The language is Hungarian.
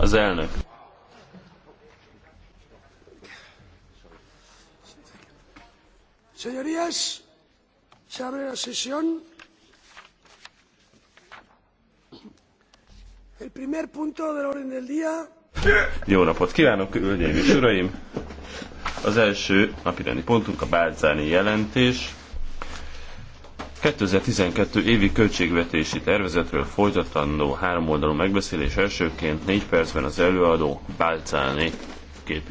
Az elnök. Señorías, se abre la sesión. El primer punto del orden del día. Jó napot kívánok, hölgyeim és uraim! Az első napirendi pontunk a Bálcáni jelentés. 2012 évi költségvetési tervezetről folytatandó oldalú megbeszélés elsőként négy percben az előadó Bálcáni képviselő.